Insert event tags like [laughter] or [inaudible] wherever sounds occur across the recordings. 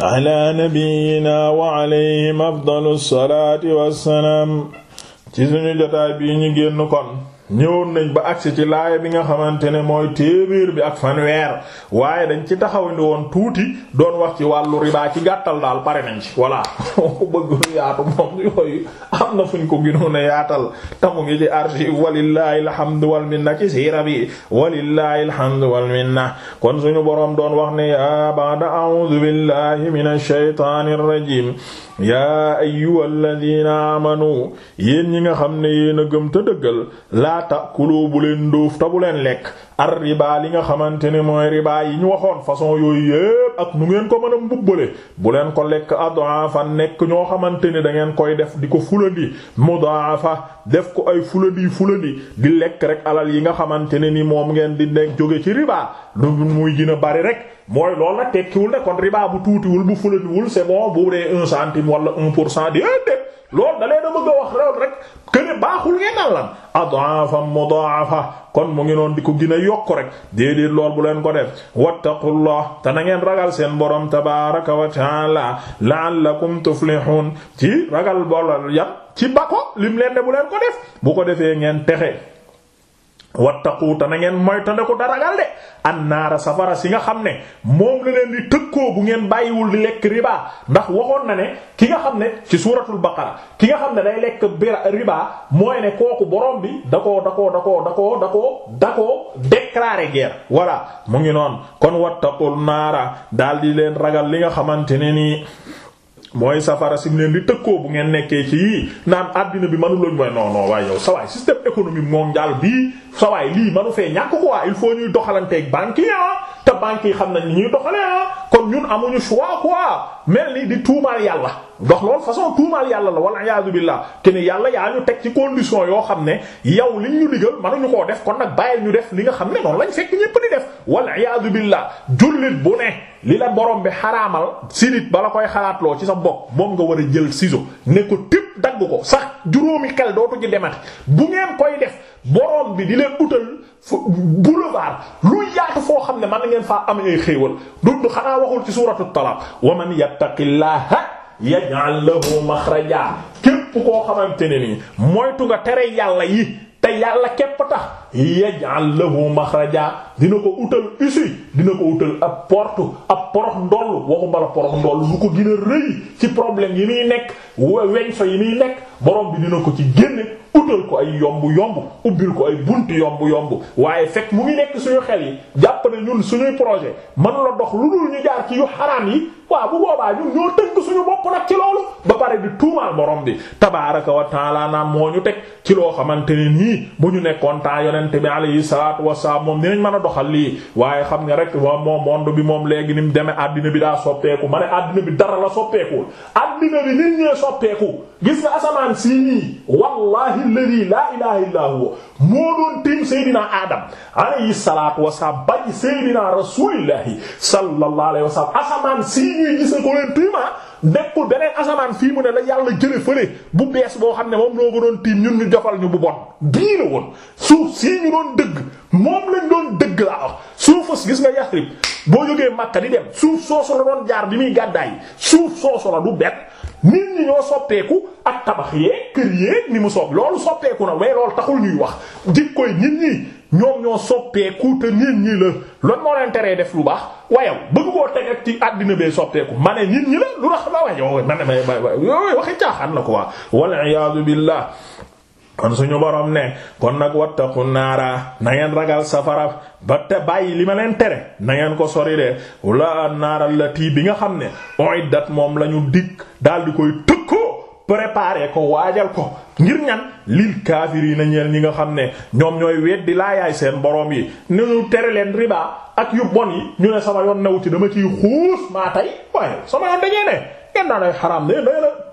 ala nabiyyina wa alayhim afdalu salaati wassalaam ci suñu jotaay bii ñu génn kon ñëwoon nañ ba agsi ci laaya bi nga xamante ne mooy téeméer bi ak fanweer waaye dañ ci taxaw ni woon tuuti doon wax ci wàllu ribaa ci gàttal daal pare nañ ci voilà ku [laughs] bëgg yaatu moom yooyu am na fuñ ko gënoon yaatal tamu gi ci archive walillahi alhamdu wal minna ci siira bi walillahi alhamdu wal minna kon suñu borom doon wax ne ya ba'da a'udhu billahi minash shaytanir rajim ya ayyuhalladhina amanu yéen ñi nga xam ne yéen a gëm te dëggal wala takulu bu leen ndóof ta leen lekk ar riba li nga xamante ne mooy riba yi ñu waxoon façon yooyu yépp ak nu ngeen ko mën a mbubbale bu leen ko lekk adaafa nekk ñoo xamante ni dangeen koy def di ko fulandi mudaafa def ko ay fulandi fulandi di lekk rek alal yi nga xamante ne ni moom ngeen di nekk ci riba lu muy gën a rek mooy loolu nag tekkiwul ne tuutiwul bu fulandiwul c'est bon bu dee un centime wala un di déet loolu da a bëgg a wax lool rek que ne baaxul ngeen lan adaafa mudaafa kon mu ngi di ko gën yokk rek déedéet lool bu leen ko def wattaqullah te na ngeen ragal seen borom tabaaraka wa taala la'allakum tuflihun ci ragal boolal yàpp ci bako lim leen ne bu leen ko def bu ko defee ngeen texe wattaqu te na ngeen moytandiku da ragal de annaara safara si nga xam ne moom la leen di tëkkoo bu ngeen bàyyiwul di lekk riba ndax waxoon na ne ki nga xam ne ci suuratul baqara ki nga xam ne day lekk riba mooy ne kooku borom bi da koo da koo da koo da koo da koo da koo déclarer mu ngi noon kon wattaqul naara dal di leen ragal li nga xamante ne nii. mooy safara si mu leen di tëkkoo bu ngeen nekkee ci yii naan àddina bi manu lañ mooy non non waaye yow sawaay système économique mondial bii sawaay lii manu fee ñàkk ko waa il faut ñuy doxalanteeg banque yi ah. te banques yi xam nañ ni ñuy doxalee ah. kon ñun amuñu choix quoi mel ni di tuumaal yàlla dox loolu façon tuumaal yàlla la wala iyaadu billah te ni yàlla yaa ñu teg ci condition yoo xam ne yow liñ ñu digal mënuñu koo def kon nag bàyyil ñu def li nga xam ne noonu lañ fekk ñépp di def wala iyaadu billah jullit bu ne li la borom bi xaraamal si nit bala koy xalaatloo ci sa bopp moom nga war a jël ciseau ne ko tip dagg ko sax juróomi xel dootu ci demati bu borom bi di leen utal boulevard lu yaatu foo xam ne mën ngeen faa am ay xéewal du xanaa waxul ci suuratu talaaq wa man yattaqillaha yaj'al lahu makhraja képp koo xamante ne nii moytu nga tere yàlla yi te yàlla képp tax. yaj'al lahu maxraja dina ko utal issue dina ko utal ab porte ab porox ndoll waxuma la porox ndoll lu ko gën rëy ci problème yi muy nekk weñ fa yi muy nekk borom bi dina ko ci génne utal ko ay yomb yomb ubbil ko ay bunt yomb yomb waaye fekk mu ngi nekk suñu xel yi jàpp na ñun suñuy projet man la dox lu dul ñu jaar ci yu xaraam yi waaw bu boobaa ñun ñoo tënk suñu bopp nag ci loolu ba pare di tuumaal borom bi tabaaraka wa moo ñu teg ci loo xamante ne nii bu ñu nekkoon yonent bi alayhi salaatu wasalaam moom dinañ mën a doxal lii waaye xam nga rek moom moom monde bi moom léegi ni mu demee addina bi daa soppeeku ma ne addina bi dara la soppeeku addina bi nit ñee soppeeku gis nga asamaan sii nii wallahi alladhi laa ilaha illa huwa moo doon tim seydina adam bañ seydina rasulillahi sallallahu alayhi wasallam asamaan sii ñuy gis ko leen tiima nekkul beneen asamaan fii mu ne la yàlla jële fële bu bees boo xam ne moom noo ko doon tiim ñun ñu jofal ñu bu bon bii la woon suuf sii ñu doon dëgg moom lañ doon dëgg laa wax suufas gis nga Yasrib boo jógee Makka di dem suuf soosu la jaar bi muy gàddaay suuf soosu du bet nit ñi ñoo soppeeku ak tabax yeeg kër yeeg ni mu soob loolu soppeeku na waaye loolu taxul ñuy wax jikkoy nit ñi ñoom ñoo soppeeku te nit ñi la loolu moo leen teree def lu baax wayaw bëgg koo teg rek ci àddina bee soppeeku ma ne nit ñi la lu na la waay yow waxi caaxaan la quoi wal iyaadu billah kon suñu borom ne kon nag wattaqu naara na ngeen ragal safara ba te bàyyi li ma leen tere na ngeen ko sori de wala naara lati bi nga xam ne uiddat moom la ñu dikk daal di koy tëkkoo préparer ko waajal ko ngir ñan lil na ñeel ñi nga xam ne ñoom ñooy weddi laayaay seen boroom yi ni ñu tere leen riba ak yu bon yi ñu ne sama yoon newu ci dama ciy xuus maa tey waaye sama yoon dañee ne ngeen naa xaraam ne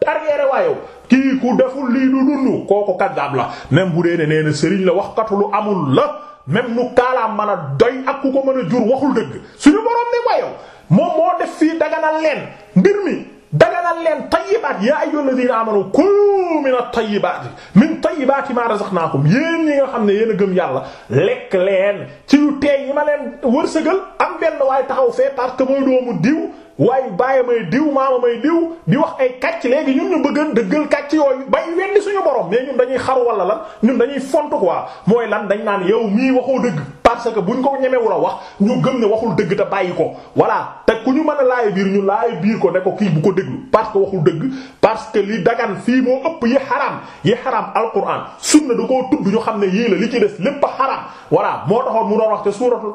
arrière waayow kii ku deful lii du dund kooku kaddaab la même bu dee ne nee na sëriñ la waxkatu lu amul la même nu kaalaam mën a doy ak ku ko mën a jur waxul dëgg suñu borom ne waayow moom moo def fii daganal leen mbir mi daganal leen tayyibaat yaa ayyuhalladhina amanu kulu min at-tayyibaat min tayyibaati naa ko yéen yi nga xam ne yéen a gëm yàlla lekk leen ci lu teey yi ma leen wërsëgal am benn waaye taxaw fee parce que mooy doomu diw waaye bàyyi may diw maama may diw di wax ay kàcc léegi ñun ñu bëgg dëggal kàcc yooyu bay wendi suñu borom mais ñun dañuy xaru wala la ñun dañuy font quoi mooy lan dañ naan yow mii waxoo dëgg parce que buñ ko ñemewul a wax ñu gën ne waxul dëgg te bàyyi ko voilà te ku ñu mën a laay biir ñu laay biir ko ne ko kii bu ko déglu parce que waxul dëgg parce que li dagan fii moo ëpp yi xaraam yi xaraam alquran sunna da koo tudd ñu xam ne yii la li ci des lépp a voilà moo taxoon mu doon wax te suuratul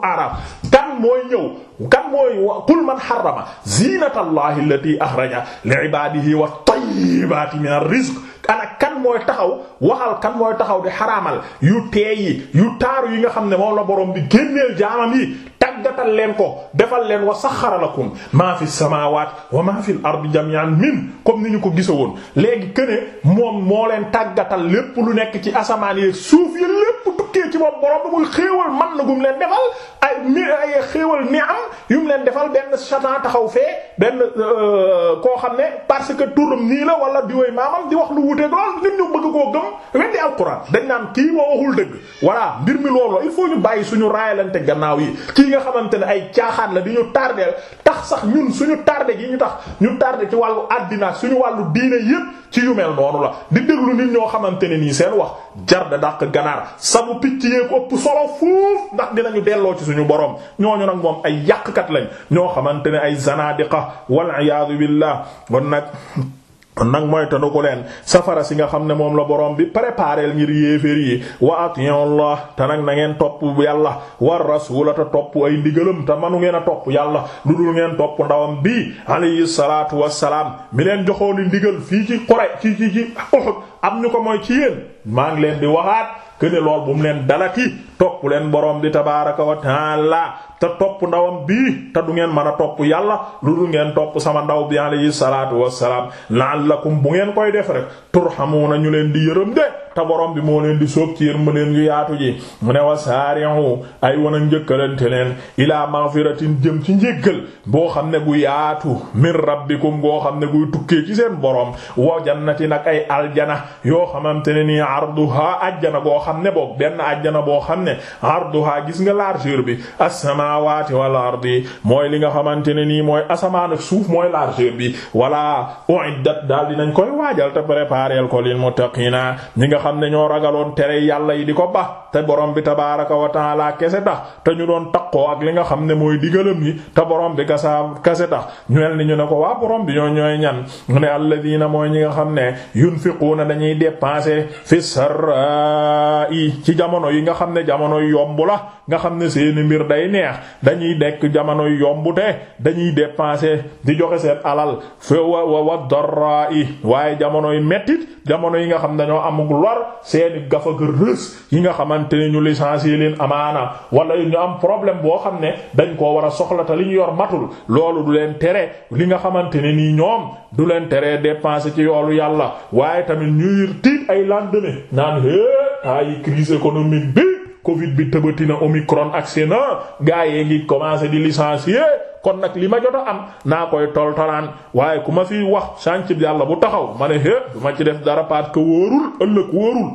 kan mooy ñëw kan mooy wa qul man harrama zinata allahi allati akhraja li ibadihi wa tayyibati min ar-rizq ana kan mooy taxaw waxal kan mooy taxaw di xaraamal yu teey yi yu taaru yi nga xam ne moom la borom bi génneel jaamam yi tàggatal leen ko defal leen wa saxxara lakum maa fi samaawaat wa maa fi al-ardi jami'an min comme ni ñu ko gisawoon léegi këne moom moo leen tàggatal lépp lu nekk ci asamaan yi suuf yi lépp tukkee ci moom borom bi muy xéewal man na gum leen defal ay mi ay xéewal ni am yum leen defal benn satan taxaw fee benn euh, koo xam ne parce que turam nii la wala di woy maamam di wax lu wute lool nit ñu bëgg koo gëm weddi alxuraan dañ naan kii moo waxul dëgg voilà mbir mi loolu il ñu bàyyi suñu raayalante gannaaw yi kii nga xamante ne ay caaxaan la di ñu tardeel tax sax ñun suñu tardé gi ñu tax ñu tardé ci wàllu àddina suñu wàllu diine yépp ci yu mel noonu la di déglu nit ñoo xamante ne nii seen wax jar da dàq ganaar sabu picc yee ko ëpp solo fuuf ndax dinañu delloo ci suñu borom ñooñu nag moom ay kat lañ ñoo xamante ne ay zanadiqa wal iyaadu billah kon nag nag mooy tëndu ko leen safara si nga xam ne moom la boroom bi préparé ngir yéeféer yi wa atiyu Allah te nag na ngeen topp yàlla war rasuula te topp ay ndigalam te manu ngeen a topp yàlla lu dul ngeen topp ndawam bi alayhi salaatu wassalaam mi leen joxoon ndigal fii ci Quraysh ci ci ci Uhud am ñu ko mooy ci këne lool bu mu leen dalati topp leen borom bi tabaaraka wa taala te topp ndawam bii te du ngeen mën a topp yàlla lu du ngeen topp sama ndaw bi alayhi salaatu wassalaam la'allakum bu ngeen koy def rek turhamuuna ñu leen di yërëm de te borom bi moo leen di sóob ci yërmandeem yu yaatu ji mu ne wa saari'u ay wan a njëkkalante leen ilaa maghfiratin jëm ci njéggal boo xam ne gu yaatu min rabbikum goo xam ne guy tukkee ci seen borom wa jannati nag ay aljana yoo xamante ne nii arduha ajjana goo xam ne boog benn ajjana boo xam ne arduha gis nga largeur bi as-samawati wal ardi mooy li nga xamante ne nii mooy asamaan suuf mooy largeur bi wala uiddat daal dinañ koy waajal te préparer ko xam ne ñoo ragaloon tere yàlla yi di ko ba te borom bi tabaaraka wa taala kese tax te ñu doon taqoo ak li nga xam ne mooy digalam yi te borom bi kasaa kese tax ñu mel ñu ne ko waa borom bi ñoo ñooy ñan mu ne alladina mooy ñi nga xam ne yunfiquuna dañuy dépenser fi sarra'i ci jamono yi nga xam ne jamono yomb la nga xam ne seeni mbir day neex dañuy dekk jamono yombute dañuy dépenser di joxe seen alal fa wa wa darra'i waaye jamono yi mettit jamono yi nga xam dañoo amul yor seeni gafa ga rës yi nga xamante ne ñu licencié leen amaana wala ñu am problème boo xam ne dañ koo war a soxla te li ñu yor matul loolu du leen tere li nga xamante ne nii ñoom du leen tere dépenser ci yoolu yàlla waaye tamit ñuy tiit ay lendemain naan hé ay crise économique bi Covid bi tëbati na Omicron ak seen gaa yee ngi commencé di licencier. kon nag li ma jot am naa koy toltolaan waaye ku ma fi wax sànq yàlla bu taxaw ma ne hé du ma ci def dara parce que wóorul ëllëg wóorul.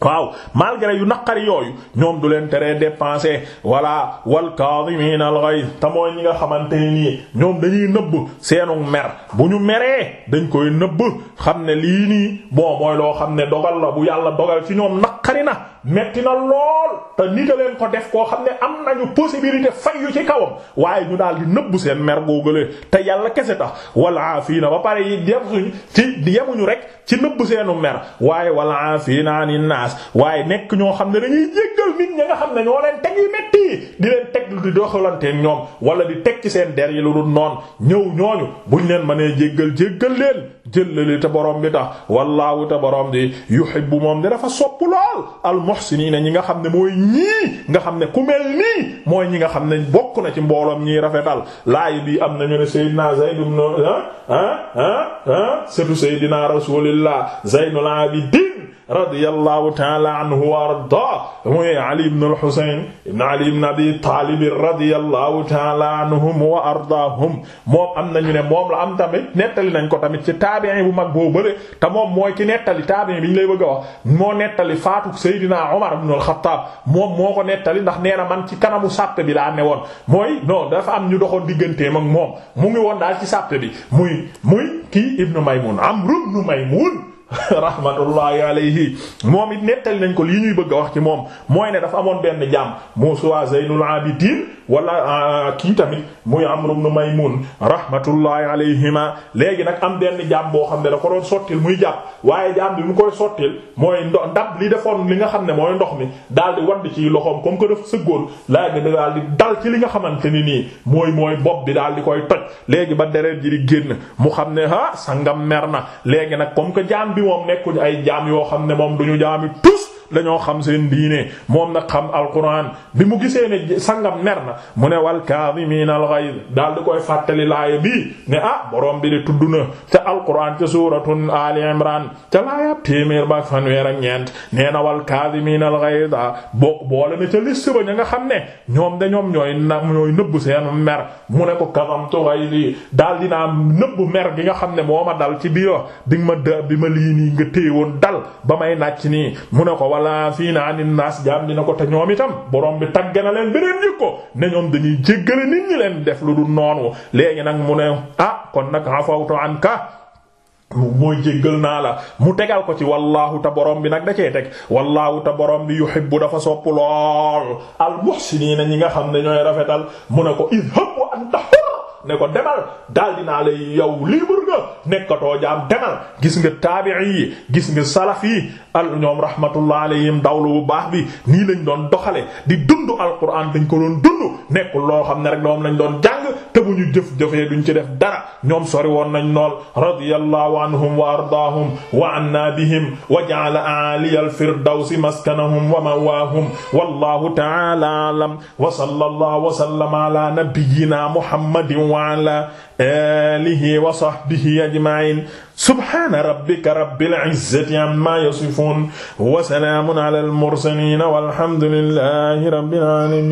waaw malgré yu naqari yooyu ñoom du leen teree dépenser walla wal kaadimiina al ghayz te mooy ñi nga xamante ne nii ñoom dañuy nëbb seenu mer bu ñu meree dañ koy nëbb xam ne lii nii bon mooy loo xam ne dogal la bu yàlla dogal ci ñoom naqari na metti na lool te nit a leen ko def koo xam ne am na nañu possibilité fayyu ci kawam waaye ñu daal di nëbbu seen mer góogale te yàlla kese tax wala fii na ba pare yi dem suñ ci yemuñu rek ci nëbbu seenu mer waaye wala fii naa ni naas waaye nekk ñoo xam ne dañuy jéggal nit ñi nga xam ne ñoo leen teg yi metti di leen teg lu di doxalanteen ñoom wala di teg ci seen der yi lu dul noon ñëw ñooñu buñ leen mënee jéggal jéggal leen jëllale te borom bi tax wallaahu te borom bi yuhibbu moom di dafa sopp lool al muhsiniina ñi nga xam ne mooy ñii nga xam ne ku mel nii mooy ñi nga xam ne bokk na ci mbooloom ñii rafetal laay bi am nañu ne Seydina Zayd ibn ah ah ah, ah surtout Seydina Rasulillah Zaynul Abidin radiyallahu ta'ala anhu wa arda muy Ali ibn al-Husayn ibn Ali ibn Abi Talib radiyallahu ta'ala anhum wa ardaahum moom am nañu ne moom la am tamit nettali nañ ko tamit ci taabi'i bu mag boo bëre te moom mooy ki nettali taabi'i bi ñu lay bëgg a wax moo nettali faatu Seydina Omar ibn al-Khattab moom moo ko nettali ndax nee na man ci kanamu sàppe bi laa ne woon mooy non dafa am ñu doxoon digganteem ak moom mu ngi woon daal ci sàppe bi muy muy kii Ibn Maymun Amr ibn Maymun [laughs] rahmatullahi alayhi moom it nettali nañ ko li ñuy bëgg a wax ci moom mooy ne dafa amoon benn jàmm jaam Muusaa Zaynul Abidin wala ah, kii tamit muy Amr ibn Maymun rahmatullahi alayhima léegi nag am benn jàmm boo xam ne da ko doon sottil muy jàpp waaye jaam bi mu koy sottil mooy ndo ndab defoon li nga xam ne mooy ndox mi daal di wadd ci loxoom comme que dafa sëggoon laaj bi daal di dal ci li nga xamante ni nii mooy mooy bopp bi daal di koy toj léegi ba deret ji di génn mu xam ne ah sangam mer na léegi nag comme que jaam bi ñun moom nekkuñu ay jaam yoo xam ne moom duñu jaami tus dañoo xam seen ne moom na xam alquran bi mu gisee ne sangam mer na mu ne wal kaadimiin al ghayz daal di koy fàttali laaya bi ne ah borom bi di tudd na te alquran ca suuratun ali imran ca laaya téeméer ba fanweer ak ñeent nee na wal kaadimiin al ghayz boo boole na ca liste ba nga xam ne ñoom de ñoom ñooy na ñooy nëbb seen mer mu ne ko kadamtu ghayzi daal dinaa nëbb mer gi nga xam ne moo ma dal ci biir di ma da bi ma lii nii nga téye dal ba may alaafiina anin naas jaam ko te ñoom itam borom bi tagge na leen beneen ñi ko ne ñoom dañuy jéggale nit leen def lu du noonu léegi nag mu ne ah kon nag afawtu anka mooy jéggal naa la mu tegal ko ci wallaahu ta borom bi nag da cee teg wallaahu ta borom bi yuhibbu dafa sopp lool al muhsiniina ñi nga xam ne ñooy rafetal mu ne ko idhab anta ne ko demal daldi dinaa lay yow libre nga nekkatoo jaam demal gis nga taabi'i yi gis nga salaf yi al ñoom rahmatullah alayhim dawlu bu baax bi nii lañ doon doxale di dund alquran dañ ko doon dund nekkul loo xam ne rek moom lañ doon jàng te bu ñu jëf jëfee duñ ci def dara ñoom sori woon nañ nool radiyallahu anhum wa ardaahum wa anna bihim wa ja'ala a'aliyal firdawsi maskanahum wa mawaahum wallahu ta'ala a'lam wa sallallahu wa sallama ala nabiyyina muhammadin wa ala alihi wa sahbihi ajma'in subhana rabbika rabbil izzati amma yasifun wa salamun ala al mursalin walhamdulillahi rabbil alamin